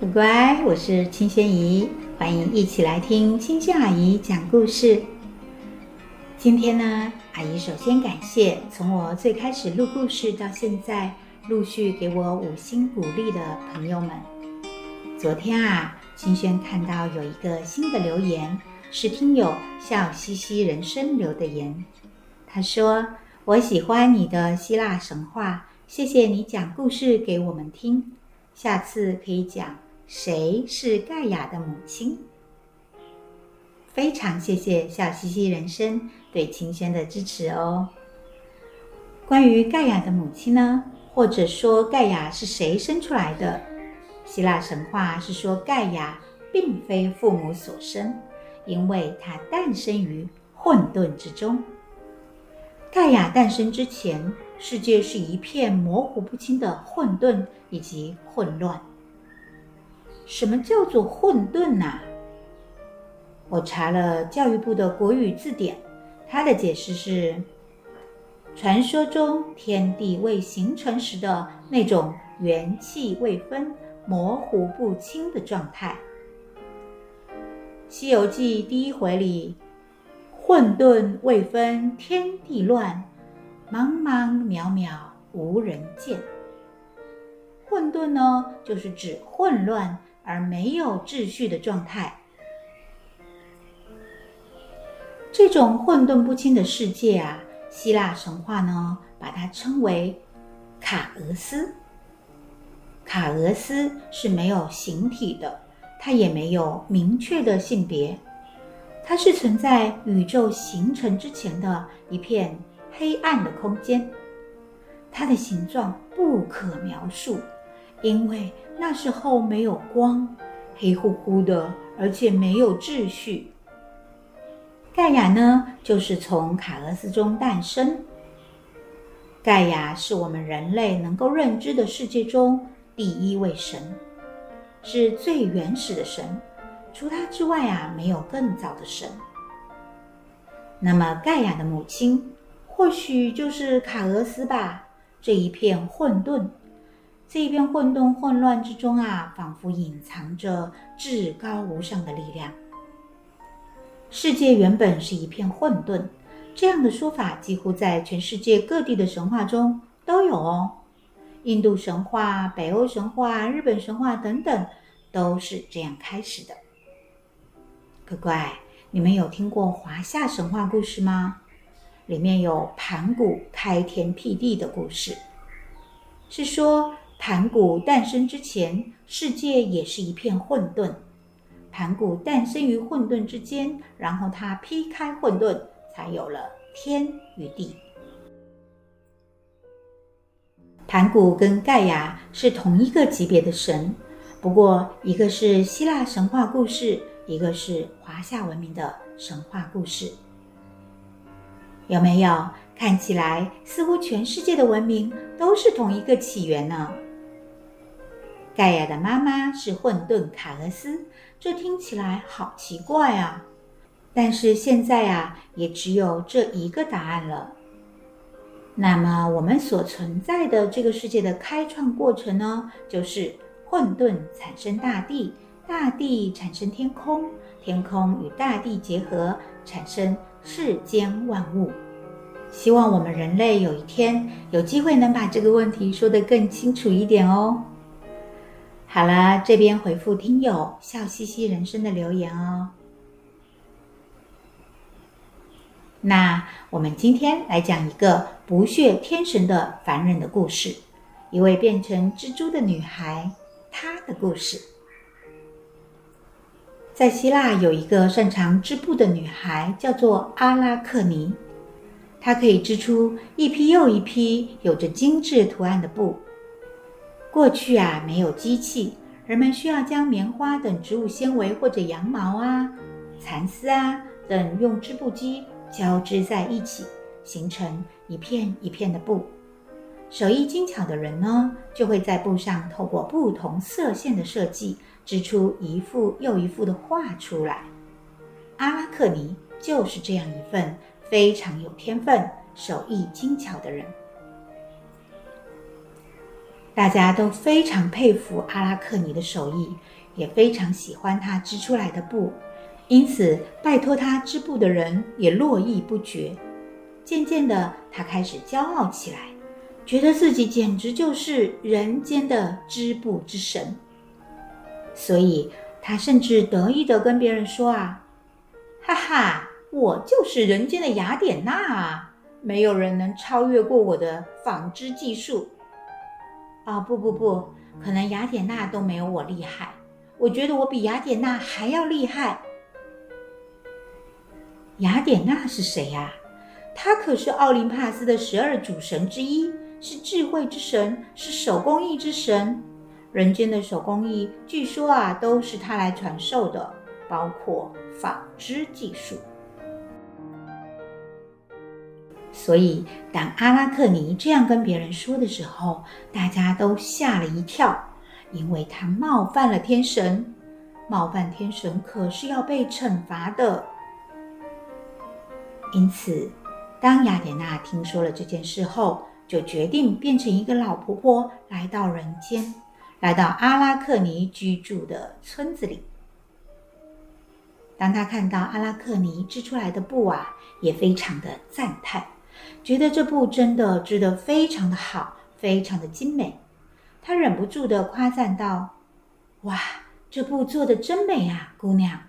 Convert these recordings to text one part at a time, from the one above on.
乖乖，我是青萱姨，歡迎一起來聽青萱阿姨講故事。今天呢，阿姨首先感謝從我最開始錄故事到現在，陸續給我五星鼓勵的朋友們。昨天啊，青萱看到有一個新的留言，是聽友笑熙熙人生留的言。他說：“我喜歡你的希臘神話，謝謝你講故事給我們聽，下次可以講。”誰是蓋亞的母親？非常謝謝笑熙熙人生對青萱的支持哦。關於蓋亞的母親呢，或者說蓋亞是誰生出來的？希臘神話是說蓋亞並非父母所生，因為它誕生於混沌之中。蓋亞誕生之前，世界是一片模糊不清的混沌以及混亂。什麼叫做混沌吶、啊？我查了教育部的《國語字典》，它的解釋是：傳說中天地未形成時的那種元氣未分、模糊不清的狀態。《西遊記》第一回裡，“混沌未分天地亂，茫茫渺渺無人見。”混沌呢，就是指混亂。而沒有秩序的狀態，這種混沌不清的世界啊，希臘神話呢，把它稱為卡俄斯。卡俄斯是沒有形體的，它也沒有明確的性別，它是存在宇宙形成之前的一片黑暗的空間，它的形狀不可描述，因為。那時候沒有光，黑乎乎的，而且沒有秩序。蓋亞呢，就是從卡俄斯中誕生。蓋亞是我們人類能夠認知的世界中第一位神，是最原始的神，除他之外啊，沒有更早的神。那麼蓋亞的母親，或許就是卡俄斯吧，這一片混沌。這一片混沌混亂之中啊，仿佛隱藏着至高無上的力量。世界原本是一片混沌，這樣的說法幾乎在全世界各地的神話中都有哦。印度神話、北歐神話、日本神話等等，都是這樣開始的。乖乖，你們有聽過華夏神話故事嗎？裡面有盤古開天闢地的故事，是說，盤古誕生之前，世界也是一片混沌。盤古誕生於混沌之間，然後他劈開混沌，才有了天與地。盤古跟蓋亞是同一個級別的神，不過一個是希臘神話故事，一個是華夏文明的神話故事。有沒有看起來似乎全世界的文明都是同一個起源呢？蓋亞的媽媽是混沌卡俄斯，這聽起來好奇怪啊！但是現在啊，也只有這一個答案了。那麼我們所存在的這個世界的開創過程呢，就是混沌產生大地，大地產生天空，天空與大地結合，產生世間萬物。希望我們人類有一天有機會能把這個問題說得更清楚一點哦。好了，這邊回復聽友“笑熙熙人生”的留言哦。那我們今天來講一個不屑天神的凡人的故事——一位變成蜘蛛的女孩，她的故事。在希臘有一個擅長織布的女孩，叫做阿拉克尼，她可以織出一匹又一匹有着精致圖案的布。過去啊，沒有機器，人們需要將棉花等植物纖維或者羊毛啊、蠶絲啊等用織布機交織在一起，形成一片一片的布。手藝精巧的人呢，就會在布上透過不同色線的設計，織出一幅又一幅的畫出來。阿拉克尼就是這樣一份非常有天分、手藝精巧的人。大家都非常佩服阿拉克尼的手藝，也非常喜歡他織出來的布，因此拜託他織布的人也絡繹不絕。漸漸的，他開始驕傲起來，覺得自己簡直就是人間的織布之神。所以，他甚至得意的跟別人說：“啊，哈哈，我就是人間的雅典娜啊，沒有人能超越過我的紡織技術。”啊、哦、不不不，可能雅典娜都沒有我厲害。我覺得我比雅典娜還要厲害。雅典娜是誰呀、啊？她可是奧林帕斯的十二主神之一，是智慧之神，是手工藝之神。人間的手工藝，據說啊，都是他來傳授的，包括紡織技術。所以，當阿拉克尼這樣跟別人說的時候，大家都嚇了一跳，因為他冒犯了天神，冒犯天神可是要被懲罰的。因此，當雅典娜聽說了這件事後，就決定變成一個老婆婆來到人間，來到阿拉克尼居住的村子裡。當他看到阿拉克尼織出來的布啊，也非常的讚嘆。覺得這布真的織得非常的好，非常的精美。他忍不住地誇讚道：“哇，這布做的真美啊，姑娘！”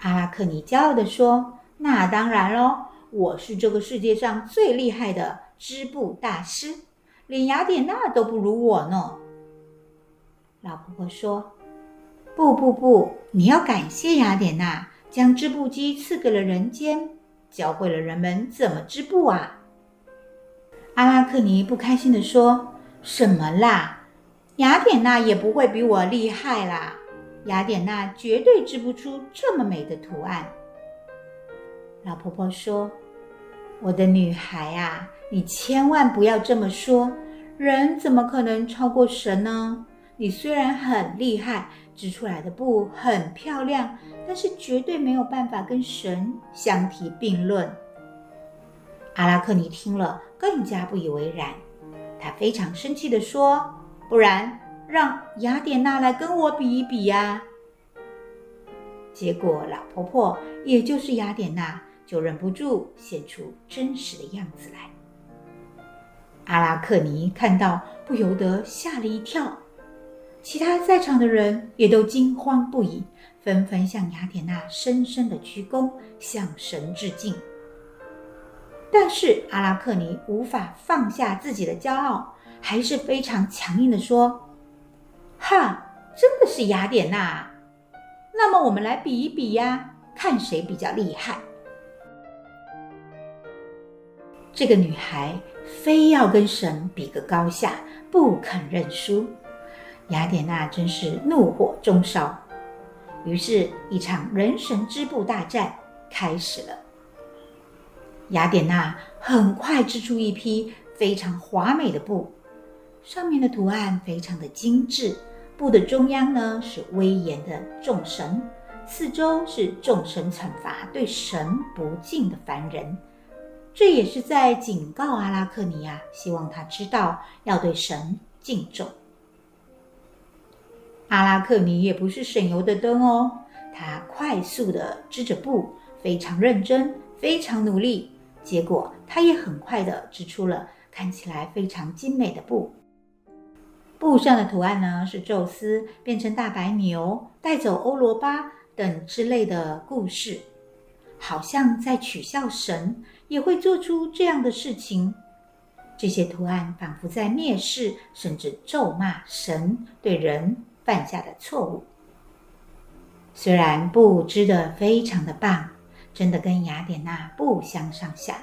阿拉克尼驕傲地說：“那當然嘍、哦，我是這個世界上最厲害的織布大師，連雅典娜都不如我呢。”老婆婆說：“不不不，你要感謝雅典娜，將織布機賜給了人間。”教會了人們怎麼織布啊！阿拉克尼不開心地說：“什麼啦？雅典娜也不會比我厲害啦！雅典娜絕對織不出這麼美的圖案。”老婆婆說：“我的女孩啊，你千萬不要這麼說。人怎麼可能超過神呢？你雖然很厲害。”織出來的布很漂亮，但是絕對沒有辦法跟神相提並論。阿拉克尼聽了更加不以為然，她非常生氣地說：“不然讓雅典娜來跟我比一比呀！”結果，老婆婆，也就是雅典娜，就忍不住現出真實的樣子來。阿拉克尼看到，不由得嚇了一跳。其他在場的人也都驚慌不已，紛紛向雅典娜深深的鞠躬，向神致敬。但是阿拉克尼無法放下自己的驕傲，還是非常強硬地說：“哈，真的是雅典娜！那麼我們來比一比呀，看誰比較厲害。”這個女孩非要跟神比個高下，不肯認輸。雅典娜真是怒火中燒，於是，一場人神織布大戰開始了。雅典娜很快織出一批非常華美的布，上面的圖案非常的精緻。布的中央呢，是威嚴的眾神，四周是眾神懲罰對神不敬的凡人，這也是在警告阿拉克尼亞，希望他知道要對神敬重。阿拉克尼也不是省油的燈哦。他快速地織着布，非常認真，非常努力。結果，他也很快地織出了看起來非常精美的布。布上的圖案呢，是宙斯變成大白牛帶走歐羅巴等之類的故事，好像在取笑神也會做出這樣的事情。這些圖案仿佛在蔑視，甚至咒罵神對人。犯下的錯誤，雖然布織的非常的棒，真的跟雅典娜不相上下，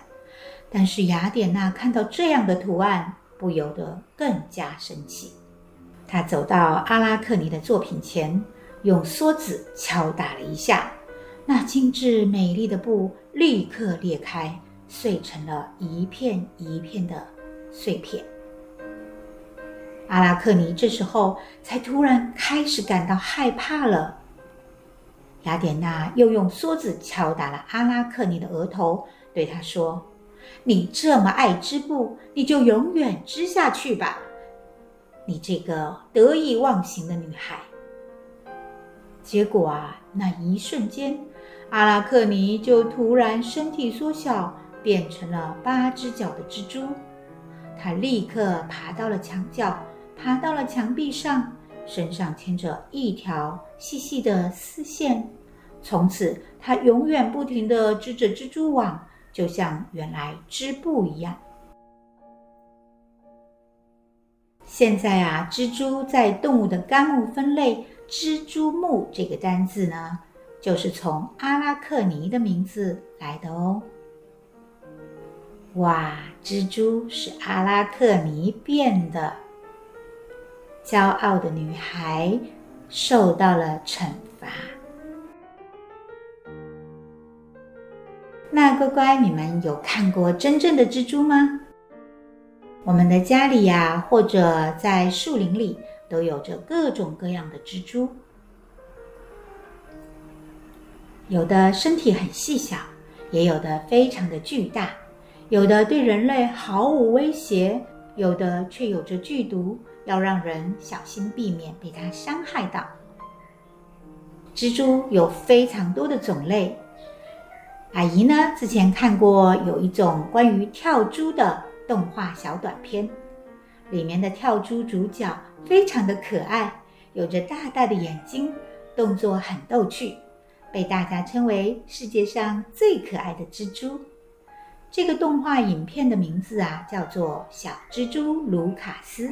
但是雅典娜看到這樣的圖案，不由得更加生氣。她走到阿拉克尼的作品前，用梭子敲打了一下，那精緻美麗的布立刻裂開，碎成了一片一片的碎片。阿拉克尼這時候才突然開始感到害怕了。雅典娜又用梭子敲打了阿拉克尼的額頭，對她說：“你這麼愛織布，你就永遠織下去吧，你這個得意忘形的女孩。”結果啊，那一瞬間，阿拉克尼就突然身體縮小，變成了八隻腳的蜘蛛。她立刻爬到了牆角。爬到了牆壁上，身上牽着一條細細的絲線。從此，它永遠不停的織着蜘蛛網，就像原來織布一樣。現在啊，蜘蛛在動物的綱目分類“蜘蛛目”這個單字呢，就是從阿拉克尼的名字來的哦。哇，蜘蛛是阿拉克尼變的。驕傲的女孩受到了懲罰。那乖乖，你們有看過真正的蜘蛛嗎？我們的家裡呀，或者在樹林裡，都有着各種各樣的蜘蛛。有的身體很細小，也有的非常的巨大，有的對人類毫無威脅。有的卻有着劇毒，要讓人小心避免被它傷害到。蜘蛛有非常多的種類，阿姨呢，之前看過有一種關於跳蛛的動畫小短片，裡面的跳蛛主角非常的可愛，有着大大的眼睛，動作很逗趣，被大家稱為世界上最可愛的蜘蛛。這個動畫影片的名字啊，叫做《小蜘蛛盧卡斯》，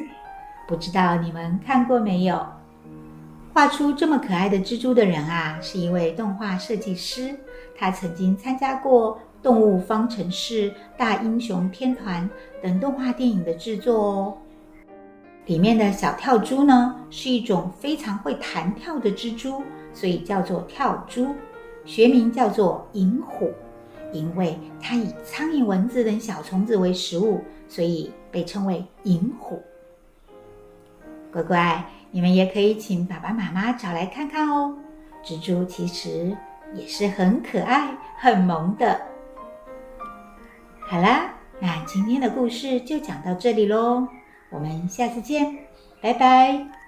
不知道你們看過沒有？畫出這麼可愛的蜘蛛的人啊，是一位動畫設計師，他曾經參加過《動物方程式》《大英雄天團》等動畫電影的制作哦。裡面的小跳蛛呢，是一種非常會彈跳的蜘蛛，所以叫做跳蛛，學名叫做蠅虎。因為它以蒼蠅、蚊子等小蟲子為食物，所以被稱為“蠅虎”。乖乖，你們也可以請爸爸媽媽找來看看哦。蜘蛛其實也是很可愛、很萌的。好啦，那今天的故事就講到這裡嘍，我們下次見，拜拜。